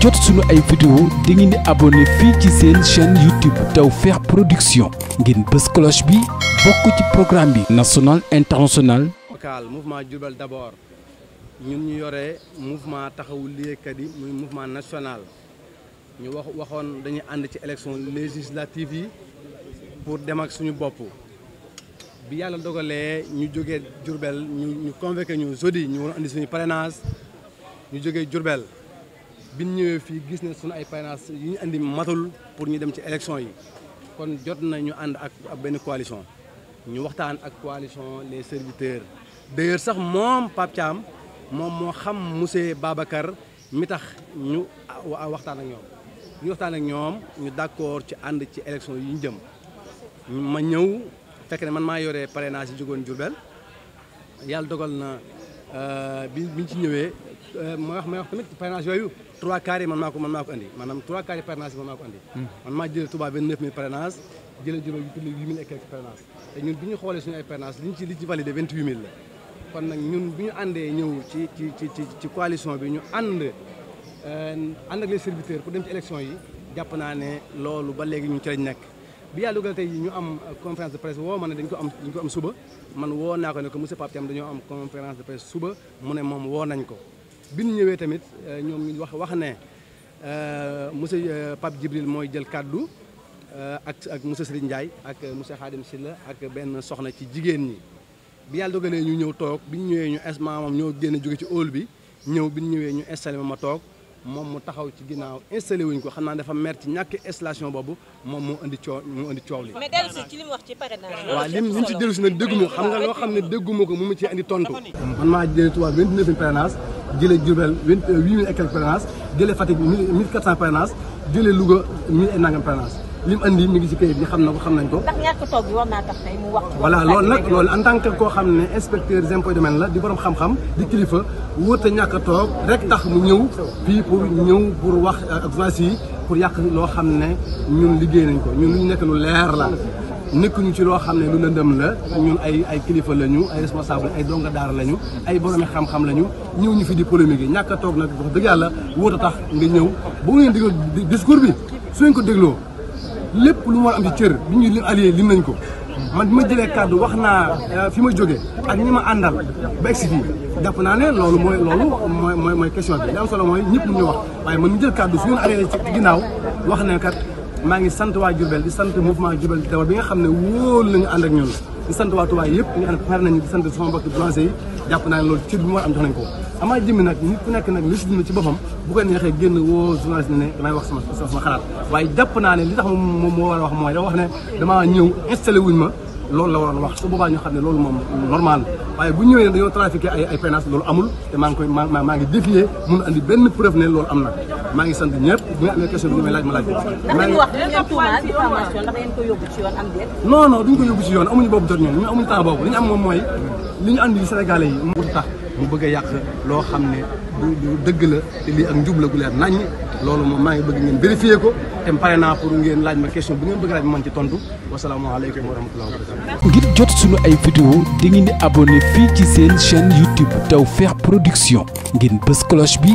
jot suñu ay vidéo da di abonné fii ci seen chaîne YouTube feex Production ngeen bës cloche bi bokk ci programme bi national international local mouvement Diourbel d'abord ñun ñu yore mouvement taxawu liggéeykat yi muy mouvement national ñu wax waxoon dañuy ànd ci élection législative yi pour dem ak suñu bopp bi yàlla dogalee ñu jóge Diourbel ñu ñu convoqué ñu jeudi ñu war andi suñu parrainage ñu jóge Diourbel bi ñu ñëwee fii gis ne sunu ay parrainage yi ñu andi matul pour ñu dem ci élection yi kon jot na ñu ànd ak benn coalition ñu waxtaan ak coalition les serviteurs d'ailleurs sax moom Pape moom moo xam monsieur Babacar mi tax ñu waxtaan ak ñoom ñu waxtaan ak ñoom ñu d'accord ci ànd ci élection yi ñu jëm ma ñëw fekk ne man maa yore parrainage yi jógoon Diourbel yàlla dogal na euh, bi bi ñu ci ñëwee Euh, ma wax may wax tamit yooyu trois quarts yi man maa ko man maa ko maanaam trois quarts yi parrainage yi man maa ko andi hmm. man maa jëlee Touba vingt neuf mille parrainage jëlee juróom plus huit mille et quelques parrainage ñun bi ñu xoolee suñu ay parrainage liñ ci li ci validé vingt huit mille la kon nag ñun bi ñu àndee ñëw ci ci ci ci coalition bi ñu ànd euh, ànd ak les serviteurs pour dem ci élection yi jàpp naa ne loolu ba léegi ñu ci nekk bi yàlla dugal tey ñu am euh, conférence de presse woo ma ne dañ ko am dañ ko am suba man woo naa ko ne ko monsieur Pape Thiam dañoo am conférence de presse suba mu moom woo nañ ko bi ñu ñëwee tamit euh, ñoom ñu wax wax ne euh, monsieur euh, Pape Djibril mooy jël kaddu ak ak monsieur Serigne Ndiaye ak monsieur Khadim Silla ak benn soxna ci jigéen ñi. bi yàlla dogalee ñu ñëw toog bi ñu ñëwee ñu es maamam ñoo génn jóge ci hall bi ñëw bi ñu ñëwee ñu installé ma ma toog moom mu taxaw ci ginnaaw installé wuñ ko xam naa dafa mer ci ñàkk installation boobu moom moo indi coow moo indi coow li. waa li mu ci parrainage. waaw lim lim ci dellusi nag déggu xam nga loo xam ne déggu ko mu mu ci indi tontu. jëlee Diourbel euh, huit mille et quelques parrainages jëlee Fatick mille quatre cent parrainages jëlee Louga mille et nangam parrainages li mu andi mi ngi ci kayit bi xam na ko xam nañ ko. ndax ñàkk toog bi war naa tax tey loolu nag loolu en tant koo xam ne inspecteur des impôts et la di borom xam-xam di kilifa wóote ñàkk a toog rek tax mu ñëw fii pour ñëw pour wax ak voici pour yàq loo xam ne ñu liggéey nañ ko ñun lu nekk lu leer la. nekkuñu ci loo xam ne lu lëndëm la ñun ay ay kilifa lañu ay responsable ay donga daara lañu ay boromi xam-xam lañu ñëw ñu fi di polémique yi ñàkk toog nag wax dëgg yàlla wóot a tax nga ñëw bu ngeen dégloo discours bi su ko dégloo lépp lu mu war cër bi ñuy lim nañ ko man ma jëlee kàddu wax naa euh, fi ma jóge ak ñi ma àndal ba egsi fii jàpp naa ne loolu mooy loolu mooy mooy question bi li am solo mooy ñëpp ñu wax waaye man ñu jël kàddu su ngeen arrêté ci ginnaaw wax ne maa ngi sant waa Diourbel di sant mouvement Diourbel di dawal bi nga xam ne wóolu nañu ànd ak ñun di sant waa Touba yëpp ñi na xam ne xar sant sama mbokki boulanger naa ne loolu am jox nañ ko amaa jëmmi nag nit ku nag li si ci boppam bu ko neexee génn woo journaliste wax sama sama xalaat waaye jàpp naa ne li tax moom moo war a wax mooy da wax ne damaa ñëw ma loolu la waroon wax su boobaa xam ne loolu moom normal waaye bu ñëwee ne dañoo trafiqué loolu amul te maa ngi koy maa maa ngi défier mun andi benn preuve ne loolu am na maa ngi sant ñëpp bu ma laaj ko. maa ngi wax ngeen tuumaal yóbbu ci yoon am déet. non non duñ ko amuñu boobu jot ñun ñun amuñu temps boobu li ñu am moom mooy li ñu andi Sénégalais yi. mu tax mu bëgg a yàq loo xam ne du dëgg la te lii ak njub la gu leer naññ loolu moom maa ngi bëgg ngeen vérifier ko te pare naa pour ngeen laaj ma question bu ngeen bëgg laaj ma man ci tontu wasalaamaaleykum wa rahmatulah wa barakatuh. ngir jot suñu ay vidéo di ngeen di fii ci seen chaîne YouTube Tawfekh Production ngeen bës cloche bi